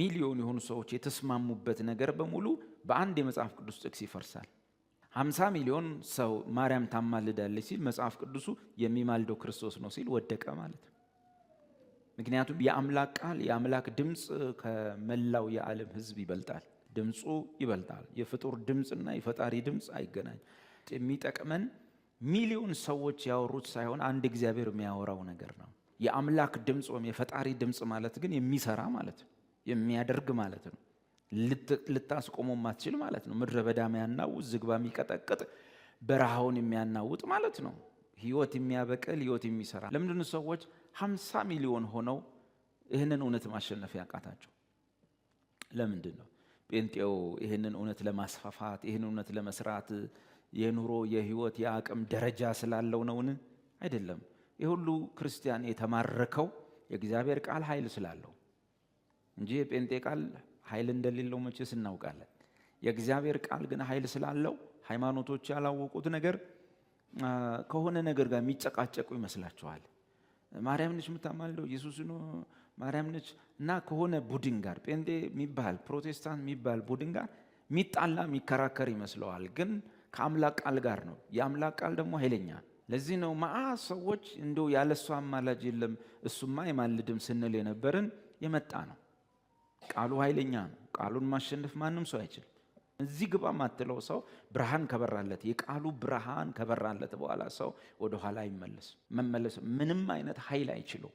ሚሊዮን የሆኑ ሰዎች የተስማሙበት ነገር በሙሉ በአንድ የመጽሐፍ ቅዱስ ጥቅስ ይፈርሳል። ሀምሳ ሚሊዮን ሰው ማርያም ታማልዳለች ሲል መጽሐፍ ቅዱሱ የሚማልደው ክርስቶስ ነው ሲል ወደቀ ማለት ነው። ምክንያቱም የአምላክ ቃል የአምላክ ድምፅ ከመላው የዓለም ህዝብ ይበልጣል። ድምፁ ይበልጣል። የፍጡር ድምፅና የፈጣሪ ድምፅ አይገናኝ። የሚጠቅመን ሚሊዮን ሰዎች ያወሩት ሳይሆን አንድ እግዚአብሔር የሚያወራው ነገር ነው። የአምላክ ድምፅ ወይም የፈጣሪ ድምፅ ማለት ግን የሚሰራ ማለት ነው። የሚያደርግ ማለት ነው። ልታስቆሞ ማትችል ማለት ነው። ምድረ በዳ የሚያናውጥ ዝግባ የሚቀጠቅጥ በረሃውን የሚያናውጥ ማለት ነው። ህይወት የሚያበቅል ህይወት የሚሰራ ለምድን ሰዎች ሀምሳ ሚሊዮን ሆነው ይህንን እውነት ማሸነፍ ያቃታቸው ለምንድን ነው? ጴንጤው ይህንን እውነት ለማስፋፋት ይህን እውነት ለመስራት የኑሮ የህይወት የአቅም ደረጃ ስላለው ነውን? አይደለም። የሁሉ ክርስቲያን የተማረከው የእግዚአብሔር ቃል ኃይል ስላለው እንጂ የጴንጤ ቃል ኃይል እንደሌለው መቼስ እናውቃለን። የእግዚአብሔር ቃል ግን ኃይል ስላለው ሃይማኖቶች ያላወቁት ነገር ከሆነ ነገር ጋር የሚጨቃጨቁ ይመስላቸዋል። ማርያም ነች የምታማልደው፣ ኢየሱስ ነው ማርያም ነች እና ከሆነ ቡድን ጋር ጴንጤ የሚባል ፕሮቴስታንት የሚባል ቡድን ጋር የሚጣላ የሚከራከር ይመስለዋል። ግን ከአምላክ ቃል ጋር ነው። የአምላክ ቃል ደግሞ ኃይለኛ። ለዚህ ነው መአ ሰዎች እንደው ያለ እሷ አማላጅ የለም እሱማ አይማልድም ስንል የነበርን የመጣ ነው። ቃሉ ኃይለኛ ነው። ቃሉን ማሸነፍ ማንም ሰው አይችልም። እዚህ ግባ ማትለው ሰው ብርሃን ከበራለት የቃሉ ብርሃን ከበራለት በኋላ ሰው ወደኋላ ይመለስ መመለስ ምንም አይነት ኃይል አይችለው